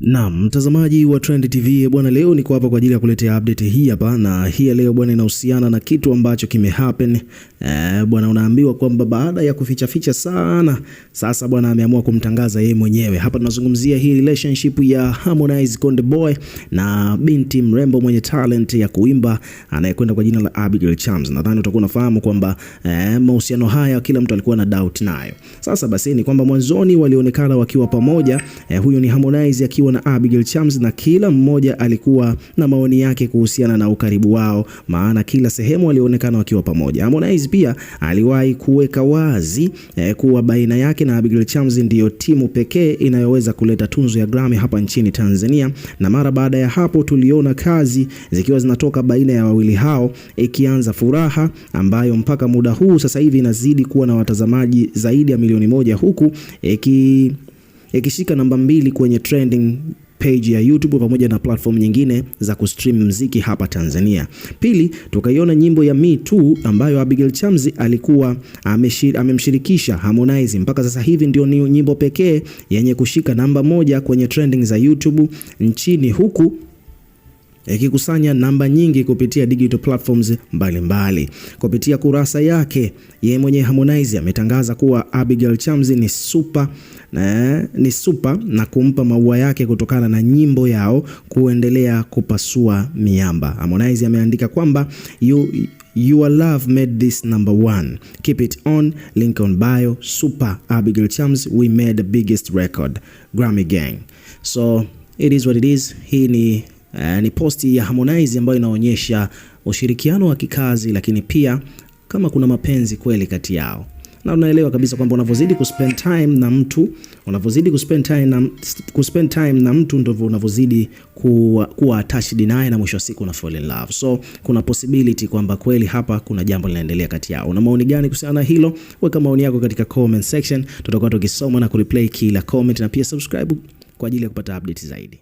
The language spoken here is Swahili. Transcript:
Na mtazamaji wa Trend TV bwana, leo niko hapa kwa ajili ya kuletea update hii hapa, na hii ya leo bwana inahusiana na kitu ambacho kime happen E, bwana unaambiwa kwamba baada ya kuficha ficha sana, sasa bwana ameamua kumtangaza yeye mwenyewe. Hapa tunazungumzia hii relationship ya Harmonize Konde Boy na binti mrembo mwenye talent ya kuimba anayekwenda kwa jina la Abigail Chams. Nadhani utakuwa unafahamu kwamba e, mahusiano haya kila mtu alikuwa na doubt nayo. Sasa basi ni kwamba mwanzoni walionekana wakiwa pamoja. E, eh, huyu ni Harmonize akiwa Migiro na Abigail Chams, na kila mmoja alikuwa na maoni yake kuhusiana na ukaribu wao, maana kila sehemu walionekana wakiwa pamoja. Harmonize pia aliwahi kuweka wazi eh, kuwa baina yake na Abigail Chams ndiyo timu pekee inayoweza kuleta tunzo ya Grammy hapa nchini Tanzania, na mara baada ya hapo tuliona kazi zikiwa zinatoka baina ya wawili hao, ikianza Furaha ambayo mpaka muda huu sasa hivi inazidi kuwa na watazamaji zaidi ya milioni moja huku iki ikishika namba mbili kwenye trending page ya YouTube pamoja na platform nyingine za kustream mziki hapa Tanzania. Pili, tukaiona nyimbo ya Me Too ambayo Abigail Chams alikuwa amemshirikisha Harmonize. Mpaka sasa hivi ndio ni nyimbo pekee yenye kushika namba moja kwenye trending za YouTube nchini huku yakikusanya namba nyingi kupitia digital platforms mbalimbali mbali. Kupitia kurasa yake ye mwenye Harmonize ametangaza kuwa Abigail Chams ni super na, eh, ni super na kumpa maua yake kutokana na nyimbo yao kuendelea kupasua miamba. Harmonize ameandika kwamba you, Your love made this number one. Keep it on. Link on bio. Super Abigail Chams, we made the biggest record. Grammy gang. So it is what it is. Hii ni Eh, ni posti ya Harmonize ambayo inaonyesha ushirikiano wa kikazi, lakini pia kama kuna mapenzi kweli kati yao, na unaelewa kabisa kwamba unavyozidi kuspend time na mtu unavyozidi kuspend time na, kuspend time na mtu ndivyo unavyozidi kuwa, kuwa attached naye na mwisho wa siku una fall in love. So kuna possibility kwamba kweli hapa kuna jambo linaendelea kati yao. Una maoni gani kuhusiana na hilo? Weka maoni yako katika comment section, tutakuwa tukisoma na kureplay kila comment, na pia subscribe kwa ajili ya kupata update zaidi.